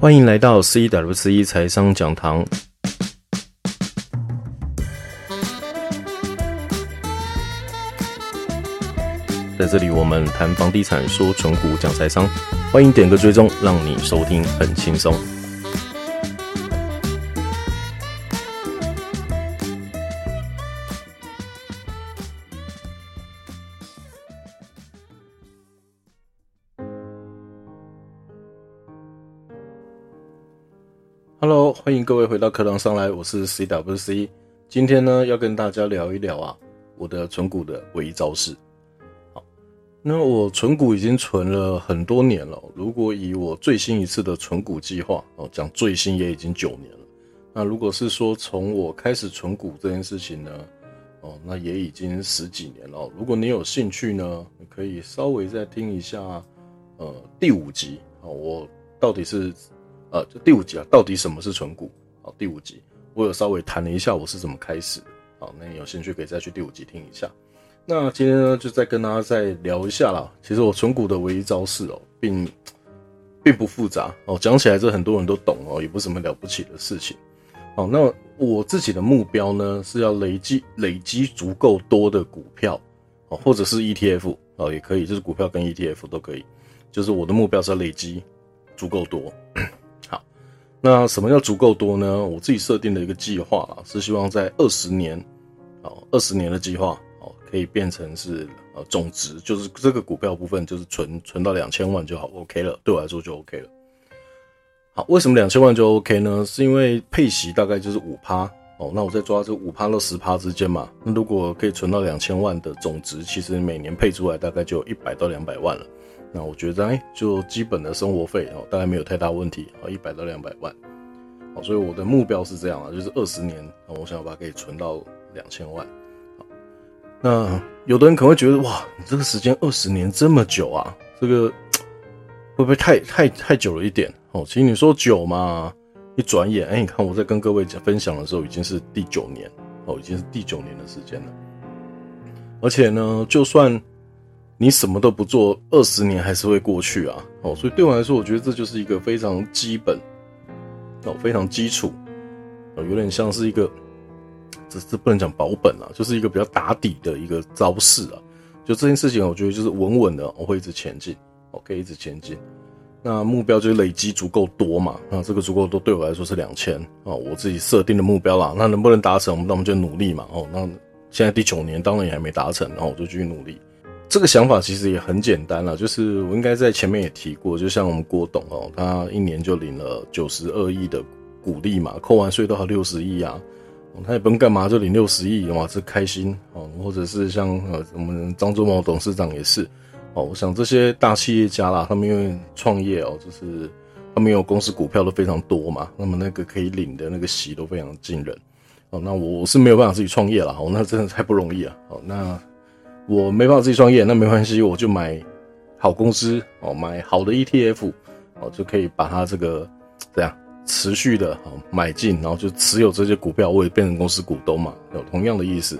歡迎來到 CWC 財商講堂，在這裡我們談房地產，說存股，講財商。歡迎點個追蹤，讓你收聽很輕鬆。歡迎各位回到課堂上來，我是 CWC。今天呢，要跟大家聊一聊啊，我的存股的唯一招式。好，那我存股已經存了很多年了。如果以我最新一次的存股計劃哦，講最新也已經九年了。那如果是說從我開始存股這件事情呢，哦，那也已經十幾年了。如果你有興趣呢，你可以稍微再聽一下，呃，第五集啊，我到底是。呃、啊，第五集啊，到底什麼是存股？好，第五集我有稍微談了一下我是怎麼開始。好，那你有興趣可以再去第五集聽一下。那今天呢，就再跟大家再聊一下啦。其實我存股的唯一招式哦、喔，並並不複雜哦，講、喔、起來這很多人都懂哦、喔，也不是什麼了不起的事情。好，那我自己的目標呢，是要累積累積足夠多的股票哦、喔，或者是 ETF 哦、喔，也可以，就是股票跟 ETF 都可以。就是我的目標是要累積足夠多。那什麼叫足夠多呢？我自己設定的一個計劃啊，是希望在二十年，哦，二十年的計劃哦，可以變成是啊，總值就是這個股票部分就是存存到兩千萬就好，OK 了，對我來說就 OK 了。好，為什麼兩千萬就 OK 呢？是因為配息大概就是五趴哦，那我再抓這五趴到十趴之間嘛，那如果可以存到兩千萬的總值，其實每年配出來大概就有一百到兩百萬了。那我覺得，哎，就基本的生活費哦，大概沒有太大問題，哦，一百到兩百萬，所以我的目標是這樣啊，就是二十年，我想把它給存到兩千萬，那有的人可能會覺得，哇，你這個時間二十年這麼久啊，這個會不會太太太久了一點？哦，其實你說久嘛，一轉眼，哎，你看我在跟各位分享的時候，已經是第九年，哦，已經是第九年的時間了，而且呢，就算。你什麼都不做，二十年還是會過去啊！哦，所以對我來說，我覺得這就是一個非常基本，哦，非常基礎，啊，有點像是一個，這這不能講保本啊，就是一個比較打底的一個招式啊。就這件事情，我覺得就是穩穩的，我會一直前進，可以一直前進。那目標就是累積足夠多嘛，那這個足夠多對我來說是兩千啊，我自己設定的目標啦。那能不能達成，那我們就努力嘛。哦，那現在第九年，當然也還沒達成，然後我就繼續努力。這個想法其實也很簡單了、啊，就是我應該在前面也提過，就像我們郭董哦，他一年就領了九十二億的股利嘛，扣完稅都還六十億啊、哦，他也不用幹嘛就領六十億，哇，這開心哦。或者是像呃我們張忠謀董事長也是哦，我想這些大企業家啦，他們因為創業哦，就是他們有公司股票都非常多嘛，那麼那個可以領的那個息都非常驚人哦。那我是沒有辦法自己創業了、哦，那真的太不容易啊哦那。我沒辦法自己創業，那沒關係，我就買好公司哦，買好的 ETF 哦，就可以把它這個怎樣持續的哦買進，然後就持有這些股票，我也變成公司股東嘛，有同樣的意思，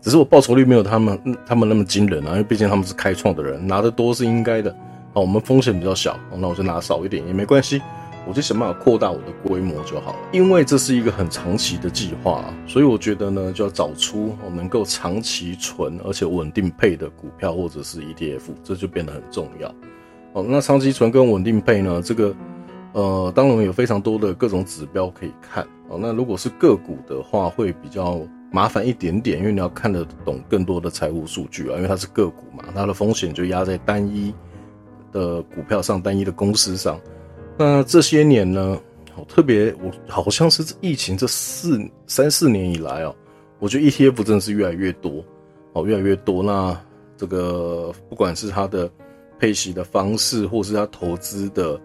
只是我報酬率沒有他們他們那麼驚人啊，因為畢竟他們是開創的人，拿得多是應該的。啊，我們風險比較小，那我就拿少一點也沒關係。我就想辦法擴大我的規模就好了，因為這是一個很長期的計劃，所以我覺得呢，就要找出我能夠長期存而且穩定配的股票或者是 ETF，這就變得很重要。哦，那長期存跟穩定配呢，這個呃，當然有非常多的各種指標可以看。哦，那如果是個股的話，會比較麻煩一點點，因為你要看得懂更多的財務數據啊，因為它是個股嘛，它的風險就壓在單一的股票上、單一的公司上。那這些年呢，特別我好像是疫情這四三四年以來啊，哦，我覺得 ETF 真的是越來越多，哦，越來越多。那這個不管是它的配息的方式，或是它投資的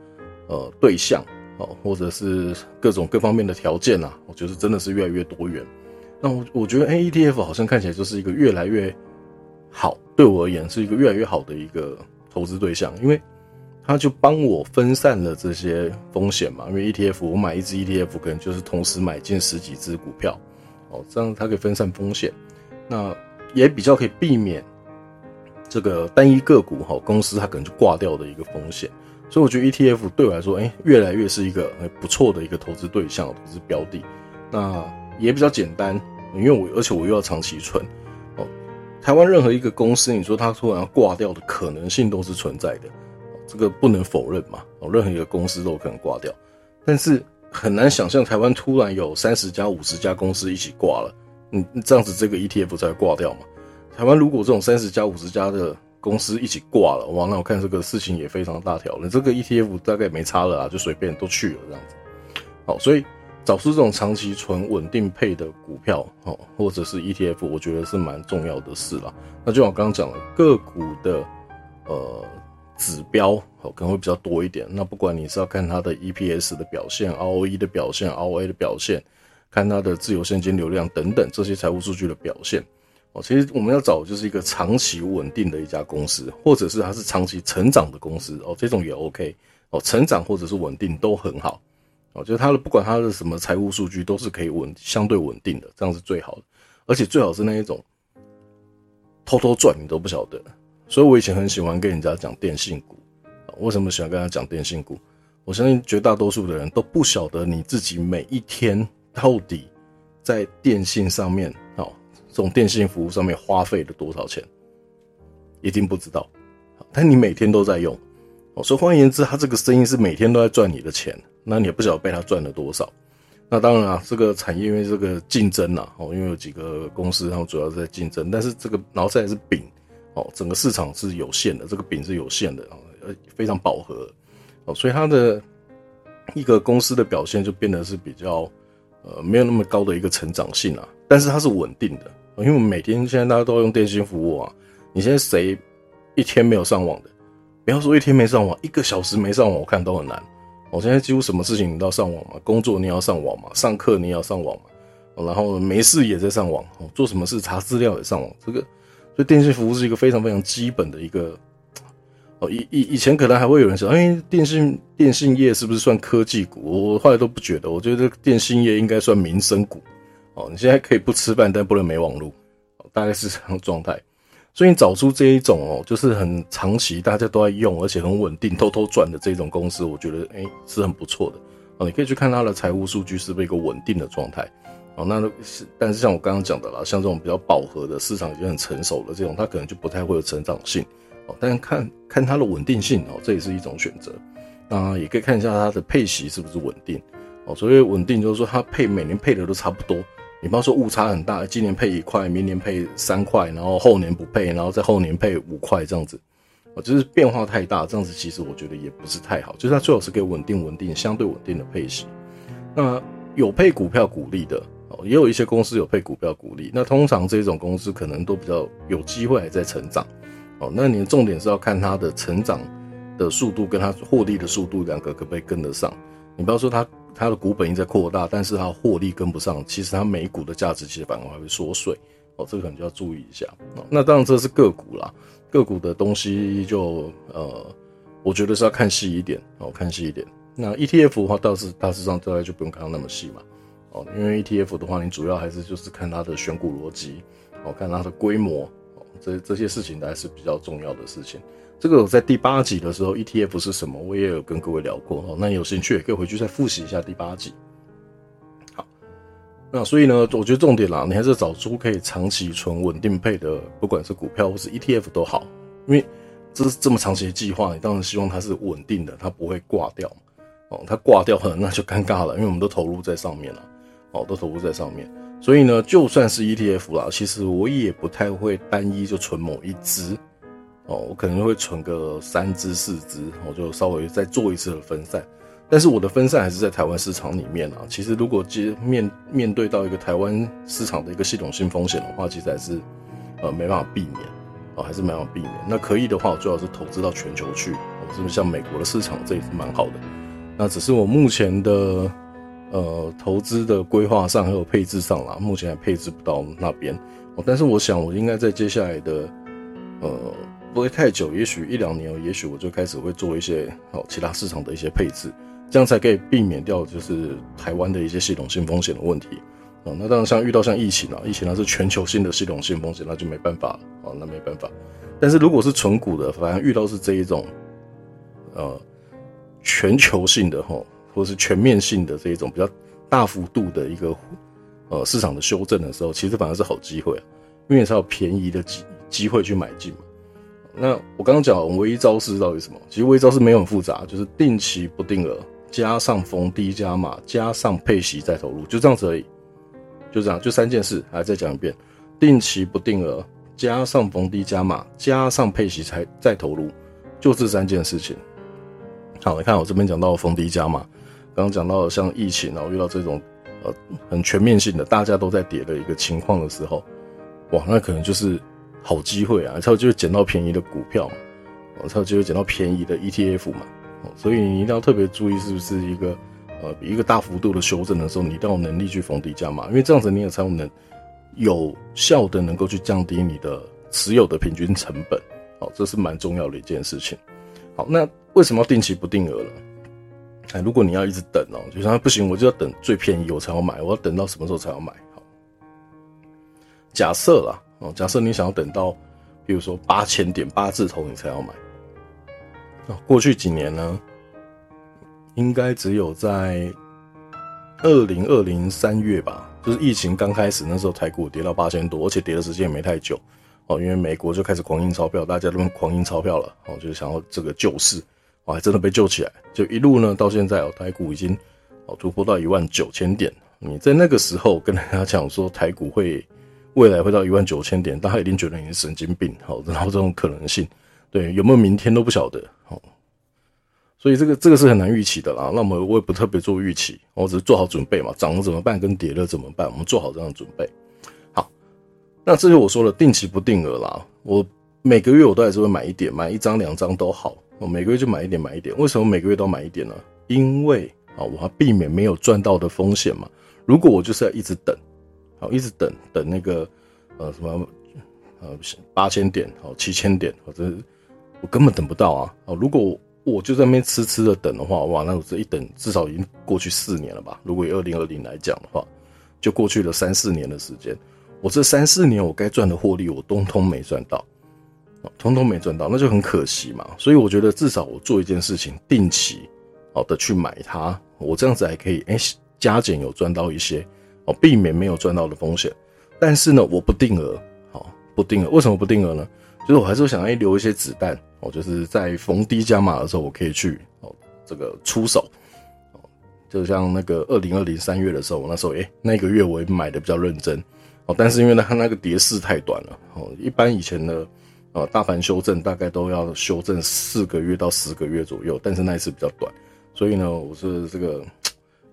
呃對象，哦，或者是各種各方面的條件啊，我覺得真的是越來越多元。那我我覺得，哎，ETF 好像看起來就是一個越來越好，對我而言是一個越來越好的一個投資對象，因為他就幫我分散了這些風險嘛，因為 ETF，我買一隻 ETF 可能就是同時買進十幾隻股票，哦，這樣它可以分散風險，那也比較可以避免這個單一個股哈、哦、公司它可能就掛掉的一個風險，所以我覺得 ETF 對我來說，哎、欸，越來越是一個不錯的一個投資對象，投資標的，那也比較簡單，因為我而且我又要長期存，哦，台灣任何一個公司，你說它突然要掛掉的可能性都是存在的。這個不能否認嘛，任何一個公司都有可能掛掉，但是很難想象台灣突然有三十家、五十家公司一起掛了，嗯，這樣子這個 ETF 才掛掉嘛。台灣如果這種三十家、五十家的公司一起掛了，哇，那我看這個事情也非常大條了，這個 ETF 大概沒差了啊，就隨便都去了這樣子。好，所以找出這種長期存穩定配的股票，或者是 ETF，我覺得是蠻重要的事啦。那就像我剛剛講了，個股的，呃。指標哦，可能會比較多一點，那不管你是要看它的 EPS 的表現、ROE 的表現、ROA 的表現，看它的自由現金流量等等這些財務數據的表現哦，其實我們要找的就是一個長期穩定的一家公司，或者是它是長期成長的公司哦，這種也 OK 哦，成長或者是穩定都很好哦，就是它的不管它的什麼財務數據都是可以穩相對穩定的，這樣是最好的，而且最好是那一種偷偷賺你都不曉得。所以，我以前很喜歡跟人家講電信股。為什麼喜歡跟他講電信股？我相信絕大多數的人都不曉得你自己每一天到底在電信上面，哦，這種電信服務上面花費了多少錢，一定不知道。但你每天都在用，所以換言之，他這個生意是每天都在賺你的錢。那你也不曉得被他賺了多少。那當然了，啊，這個產業因為這個競爭啊，因為有幾個公司，然後主要是在競爭，但是這個，然後再來是丙。哦，整個市場是有限的，這個餅是有限的啊，呃，非常飽和，哦，所以它的一個公司的表現就變得是比較呃，沒有那麼高的一個成長性啊，但是它是穩定的，因為我們每天現在大家都要用電信服務啊，你現在誰一天沒有上網的？不要說一天沒上網，一個小時沒上網，我看都很難。我現在幾乎什麼事情你都要上網嘛，工作你也要上網嘛，上課你也要上網嘛，然後沒事也在上網，做什麼事查資料也上網，這個。所以電信服務是一個非常非常基本的一個以以以前可能還會有人想，哎，電信電信業是不是算科技股？我後來都不覺得，我覺得電信業應該算民生股。哦，你現在可以不吃飯，但不能沒網路，大概是這樣狀態。所以你找出這一種哦，就是很長期大家都在用，而且很穩定、偷偷賺的這種公司，我覺得哎是很不錯的。哦，你可以去看它的財務數據，是不是一個穩定的狀態？哦，那是，但是像我剛剛講的啦，像這種比較飽和的市場已經很成熟了，這種它可能就不太會有成長性。哦，但看看它的穩定性哦，這也是一種選擇。那也可以看一下它的配息是不是穩定。哦，所謂穩定就是說它配每年配的都差不多，你不要說誤差很大，今年配一塊，明年配三塊，然後後年不配，然後在後年配五塊這樣子。哦，就是變化太大，這樣子其實我覺得也不是太好。就是它最好是給穩定穩定相對穩定的配息。那有配股票股利的。哦，也有一些公司有配股票股利，那通常這種公司可能都比較有機會還在成長。哦，那你的重點是要看它的成長的速度跟它獲利的速度兩個可不可以跟得上。你不要說它它的股本一直在擴大，但是它的獲利跟不上，其實它每一股的價值其實反而還會縮水。哦，這個可能就要注意一下。那當然這是個股啦，個股的東西就呃，我覺得是要看細一點。哦，看細一點。那 ETF 的話，倒是大致上大概就不用看到那麼細嘛。因為 ETF 的話，你主要還是就是看它的選股邏輯，哦，看它的規模，哦，這這些事情還是比較重要的事情。這個在第八集的時候，ETF 是什麼，我也有跟各位聊過哦。那有興趣也可以回去再復習一下第八集。好，那所以呢，我覺得重點啦，你還是找出可以長期存穩定配的，不管是股票或是 ETF 都好，因為這是這麼長期的計劃，你當然希望它是穩定的，它不會掛掉。哦，它掛掉了，那就尷尬了，因為我們都投入在上面了。哦，都投入在上面，所以呢，就算是 ETF 啦，其實我也不太會單一就存某一支，哦，我可能會存個三支四支，我、哦、就稍微再做一次的分散。但是我的分散還是在台灣市場裡面啊。其實如果接面面對到一個台灣市場的一個系統性風險的話，其實還是呃沒辦法避免，啊、哦，還是沒辦法避免。那可以的話，我最好是投資到全球去，哦、是不是像美國的市場，這也是蠻好的。那只是我目前的。呃，投資的規劃上還有配置上啦，目前還配置不到那邊、哦。但是我想，我應該在接下來的呃，不會太久，也許一兩年，也許我就開始會做一些哦其他市場的一些配置，這樣才可以避免掉就是台灣的一些系統性風險的問題。啊、哦，那當然像遇到像疫情啊，疫情它是全球性的系統性風險，那就沒辦法了啊、哦，那沒辦法。但是如果是純股的，反正遇到是這一種呃全球性的哈。或是全面性的這一種比較大幅度的一個呃市場的修正的時候，其實反而是好機會啊，因為也才有便宜的機機會去買進嘛。那我剛剛講唯一招式到底是什麼？其實唯一招式沒有很複雜，就是定期不定額加上逢低加碼加上配息再投入，就這樣子而已。就這樣，就三件事。還來再講一遍，定期不定額加上逢低加碼加上配息才再投入，就這三件事情。好，你看我這邊講到逢低加碼。剛剛講到的像疫情，啊，然後遇到這種，呃，很全面性的大家都在跌的一個情況的時候，哇，那可能就是好機會啊！才有機會就撿到便宜的股票嘛，才有機會撿到便宜的 ETF 嘛。哦，所以你一定要特別注意，是不是一個呃，一個大幅度的修正的時候，你一定要有能力去逢低價嘛？因為這樣子你也才能有效的能夠去降低你的持有的平均成本。哦，這是蠻重要的一件事情。好，那為什麼要定期不定額呢？哎，如果你要一直等哦，就像不行，我就要等最便宜我才要買，我要等到什麼時候才要買？好，假設啦哦，假設你想要等到，比如說八千點八字頭你才要買啊。過去幾年呢，應該只有在二零二零三月吧，就是疫情剛開始那時候，台股跌到八千多，而且跌的時間也沒太久哦，因為美國就開始狂印鈔票，大家都狂印鈔票了，哦，就想要這個救市。我還真的被救起來，就一路呢，到現在哦、喔，台股已經哦突破到一萬九千點。你在那個時候跟人家講說台股會未來會到一萬九千點，大家一定覺得你是神經病。好，然後這種可能性，對，有沒有明天都不曉得。好，所以這個這個是很難預期的啦。那麼我，我也不特別做預期，我只是做好準備嘛，漲了怎麼辦，跟跌了怎麼辦，我們做好這樣的準備。好，那這就我說了，定期不定額啦。我每個月我都還是會買一點，買一張兩張都好。我、哦、每個月就買一點，買一點。為什麼每個月都買一點呢？因為啊，我、哦、要避免沒有賺到的風險嘛。如果我就是要一直等，好、哦，一直等等那個呃什麼呃不行八千點，好七千點，好、哦、這我根本等不到啊。哦，如果我就在那邊痴痴的等的話，哇，那我這一等至少已經過去四年了吧？如果以二零二零來講的話，就過去了三四年的時間。我這三四年我該賺的獲利，我通通沒賺到。通通沒賺到，那就很可惜嘛。所以我覺得至少我做一件事情，定期好的去買它，我這樣子還可以哎、欸、加減有賺到一些哦，避免沒有賺到的風險。但是呢，我不定額，好，不定額。為什麼不定額呢？就是我還是想要留一些子彈，我就是在逢低加碼的時候，我可以去哦這個出手哦。就像那個二零二零三月的時候，我那時候哎、欸、那個月我也買的比較認真哦，但是因為它那個跌勢太短了哦，一般以前呢。呃，大盤修正大概都要修正四個月到十個月左右，但是那一次比較短，所以呢，我是這個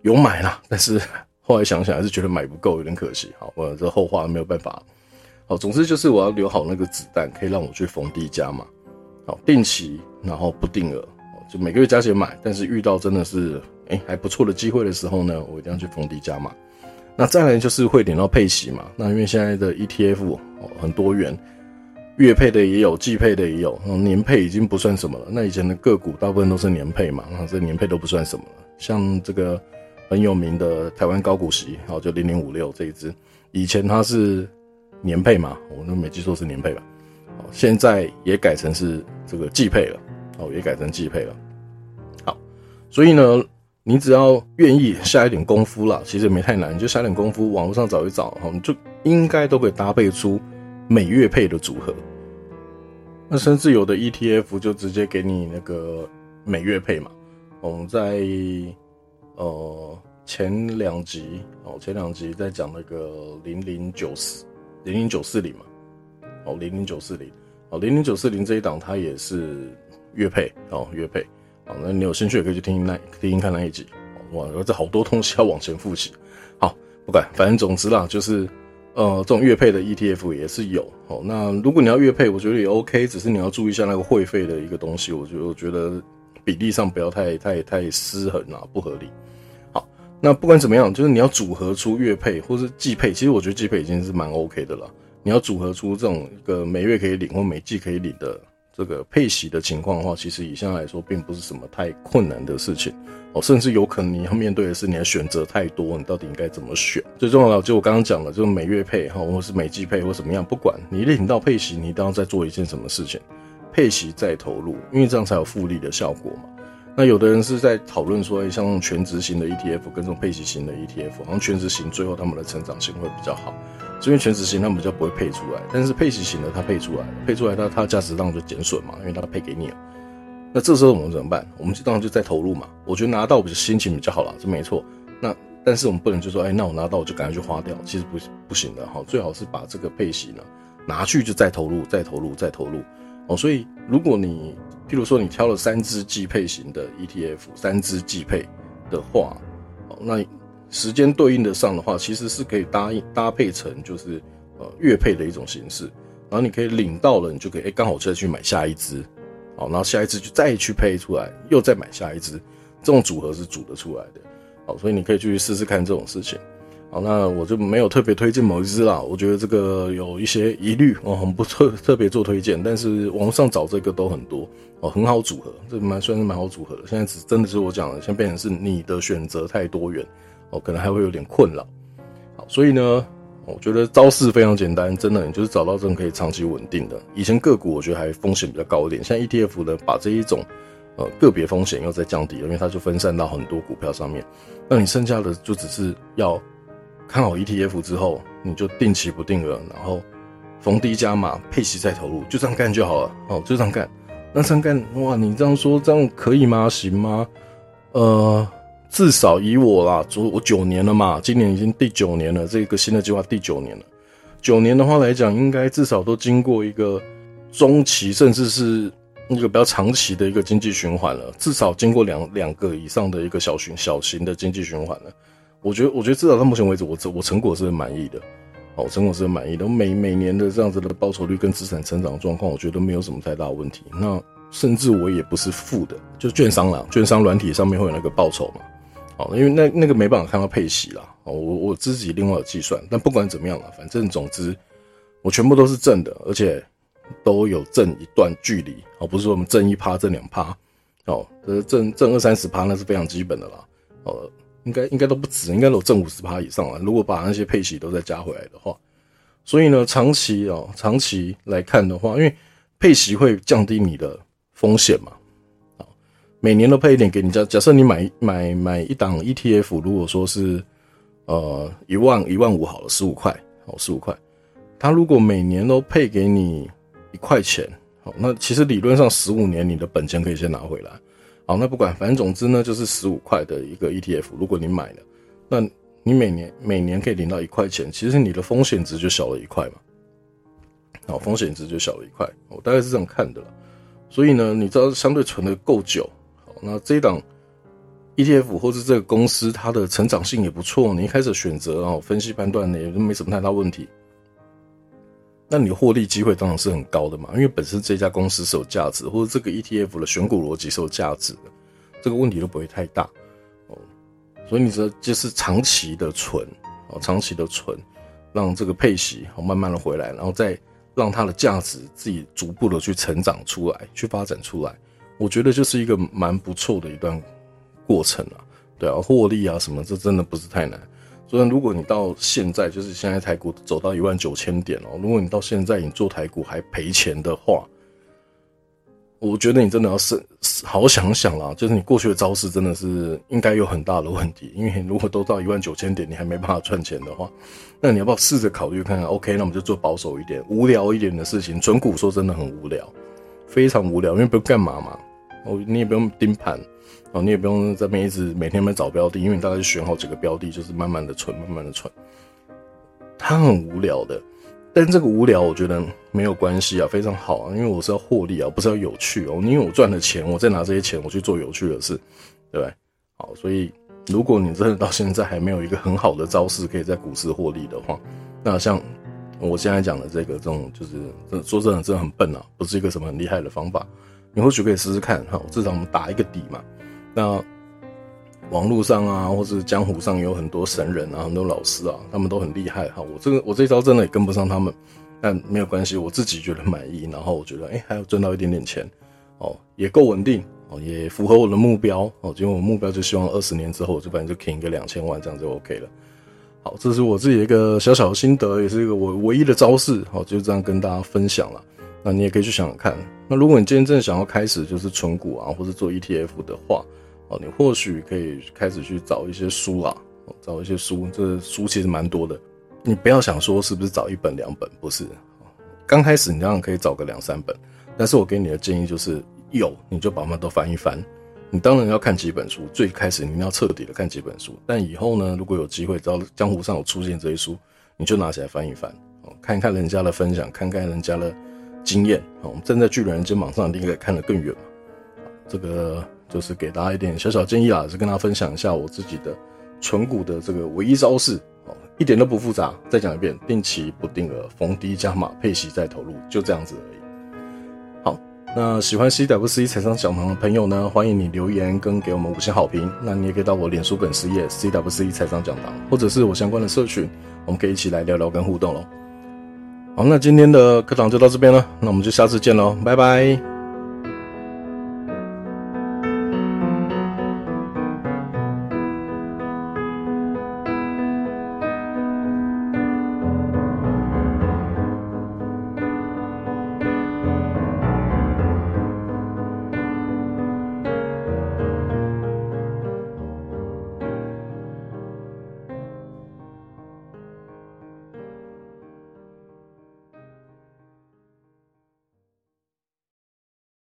有買啦，但是後來想想還是覺得買不夠，有點可惜。好，我這後話沒有辦法。好，總之就是我要留好那個子彈，可以讓我去逢低加碼。好，定期，然後不定額，就每個月加錢買。但是遇到真的是哎、欸、還不錯的機會的時候呢，我一定要去逢低加碼。那再來就是會領到配息嘛。那因為現在的 ETF 很多元。月配的也有，季配的也有，嗯，年配已經不算什麼了。那以前的個股大部分都是年配嘛，這年配都不算什麼了。像這個很有名的台灣高股息，好，就零零五六這一支，以前它是年配嘛，我都沒記錯是年配吧，好，現在也改成是這個季配了，哦，也改成季配了。好，所以呢，你只要願意下一點功夫了，其實也沒太難，你就下一點功夫，網絡上找一找，好，你就應該都可以搭配出。每月配的組合，那甚至有的 ETF 就直接給你那個每月配嘛。我們、嗯、在呃前兩集，哦，前兩集在講那個零零九四零零九四零嘛，哦零零九四零，哦零零九四零這一檔它也是月配哦，月配。好，那你有興趣也可以去聽那聽聽看那一集。哇，這好多東西要往前複習。好，不管反正總之啦，就是。呃，這種月配的 ETF 也是有哦。那如果你要月配，我覺得也 OK，只是你要注意一下那個會費的一個東西。我覺得我覺得比例上不要太太太失衡啊，不合理。好，那不管怎麼樣，就是你要組合出月配或是季配，其實我覺得季配已經是蠻 OK 的了。你要組合出這種一個每月可以領或每季可以領的。這個配息的情況的話，其實以現在來說，並不是什麼太困難的事情哦，甚至有可能你要面對的是你的選擇太多，你到底應該怎麼選？最重要的，就我剛剛講的，就是每月配哈，或是每季配或怎麼樣，不管你領到配息，你都要再做一件什麼事情，配息再投入，因為這樣才有複利的效果嘛。那有的人是在討論說，誒像全職型的 ETF 跟這種配息型的 ETF，好像全職型最後他們的成長性會比較好，因為全職型他們比較不會配出來，但是配息型的它配出來了，配出來它它價值當中就減損嘛，因為它配給你了。那這時候我們怎麼辦？我們當然就再投入嘛。我覺得拿到比心情比較好啦，這沒錯。那但是我們不能就說，哎、欸，那我拿到我就趕快去花掉，其實不不行的哈。最好是把這個配息呢拿去就再投入，再投入，再投入。哦，所以如果你，譬如說你挑了三支季配型的 ETF，三支季配的話，哦，那你時間對應得上的話，其實是可以搭搭配成就是呃月配的一種形式，然後你可以領到了，你就可以哎剛好，再去買下一支。好，然後下一支就再去配出來，又再買下一支，這種組合是組得出來的，好，所以你可以去試試看這種事情。好，那我就沒有特別推薦某一支啦。我覺得這個有一些疑慮，我、哦、很不特特別做推薦。但是網上找這個都很多，哦，很好組合，這蠻算是蠻好組合的。現在只真的是我講的，現在變成是你的選擇太多元，哦，可能還會有點困擾。好，所以呢，我覺得招式非常簡單，真的，你就是找到這種可以長期穩定的。以前個股我覺得還風險比較高一點，現在 ETF 呢，把這一種，呃，個別風險又再降低，因為它就分散到很多股票上面。那你剩下的就只是要。看好 ETF 之後，你就定期不定額，然後逢低加碼，配息再投入，就這樣幹就好了。哦，就這樣幹。那這樣幹，哇，你這樣說這樣可以嗎？行嗎？呃，至少以我啦，做我九年了嘛，今年已經第九年了，這個新的計劃第九年了。九年的話來講，應該至少都經過一個中期，甚至是一個比較長期的一個經濟循環了。至少經過兩兩個以上的一個小型小型的經濟循環了。我覺得，我覺得至少到目前為止，我我成果是很滿意的。哦，成果是很滿意的。每每年的這樣子的報酬率跟資產成長狀況，我覺得沒有什麼太大問題。那甚至我也不是負的，就是券商啦，券商軟體上面會有那個報酬嘛。哦，因為那那個沒辦法看到配息啦。哦，我我自己另外有計算。但不管怎麼樣啦，反正總之我全部都是正的，而且都有正一段距離。哦，不是說我們正一趴正兩趴。哦，呃，正正二三十趴那是非常基本的啦。哦。應該應該都不止，應該都有正五十趴以上啊。如果把那些配息都再加回來的話，所以呢，長期哦，長期來看的話，因為配息會降低你的風險嘛，啊，每年都配一點給你，假設你買買買一檔 ETF，如果說是呃一萬一萬五好了，十五塊好十五塊，他如果每年都配給你一塊錢，好，那其實理論上十五年你的本錢可以先拿回來。好，那不管，反正總之呢，就是十五塊的一個 ETF，如果你買了，那你每年每年可以領到一塊錢，其實你的風險值就小了一塊嘛。好，風險值就小了一塊，我大概是這樣看的了。所以呢，你知道相對存的夠久，那這一檔 ETF 或者這個公司它的成長性也不錯，你一開始選擇然後分析判斷呢，也就沒什麼太大問題。但你獲利機會當然是很高的嘛，因為本身這家公司是有價值，或者這個 ETF 的選股邏輯是有價值的，這個問題都不會太大哦。所以你說就是長期的存，哦，長期的存，讓這個配息，哦，慢慢的回來，然後再讓它的價值自己逐步的去成長出來，去發展出來，我覺得就是一個蠻不錯的一段過程啊。對啊，獲利啊什麼，這真的不是太難。所以，如果你到現在就是現在台股走到一萬九千點哦、喔，如果你到現在你做台股還賠錢的話，我覺得你真的要是好好想想啦。就是你過去的招式真的是應該有很大的問題，因為如果都到一萬九千點你還沒辦法賺錢的話，那你要不要試着考慮看看？OK，那我們就做保守一點、無聊一點的事情。存股說真的很無聊，非常無聊，因為不用幹嘛嘛，哦，你也不用盯盤。你也不用這邊一直每天在找標的，因為你大概選好幾個標的，就是慢慢的存，慢慢的存。它很無聊的，但這個無聊我覺得沒有關係啊，非常好啊，因為我是要獲利啊，不是要有趣哦。你因為我賺了錢，我再拿這些錢我去做有趣的事，對不對？好，所以如果你真的到現在還沒有一個很好的招式可以在股市獲利的話，那像我現在講的這個這種，就是說真的真的很笨啊，不是一個什麼很厲害的方法。你或許可以試試看哈，至少我們打一個底嘛。那網絡上啊，或是江湖上有很多神人啊，很多老師啊，他們都很厲害哈。我這個我這招真的也跟不上他們，但沒有關係，我自己覺得滿意。然後我覺得，哎、欸，還有賺到一點點錢哦，也夠穩定哦，也符合我的目標哦。因為我目標就希望二十年之後，我就反正就 king 一個兩千萬這樣就 OK 了。好，這是我自己的一個小小的心得，也是一個我唯一的招式。好、哦，就這樣跟大家分享了。那你也可以去想想看。那如果你真正想要開始，就是存股啊，或者做 ETF 的話。哦，你或許可以開始去找一些書啦，找一些書，這書其實蠻多的。你不要想說是不是找一本兩本，不是。剛開始你當然可以找個兩三本，但是我給你的建議就是，有，你就把它們都翻一翻。你當然要看幾本書，最開始你一定要徹底的看幾本書。但以後呢，如果有機會，只要江湖上有出現這些書，你就拿起來翻一翻，看一看人家的分享，看看人家的經驗。我們站在巨人肩膀上，你應該看得更遠嘛。這個。就是給大家一點小小建議啊，也是跟大家分享一下我自己的存股的這個唯一招式，哦，一點都不複雜。再講一遍，定期不定額，逢低加碼、配息再投入，就這樣子而已。好，那喜歡 CWC 財商講堂的朋友呢，歡迎你留言跟給我們五星好評。那你也可以到我臉書粉絲頁 CWC 財商講堂，或者是我相關的社群，我們可以一起來聊聊跟互動嘍。好，那今天的課堂就到這邊了，那我們就下次見嘍，拜拜。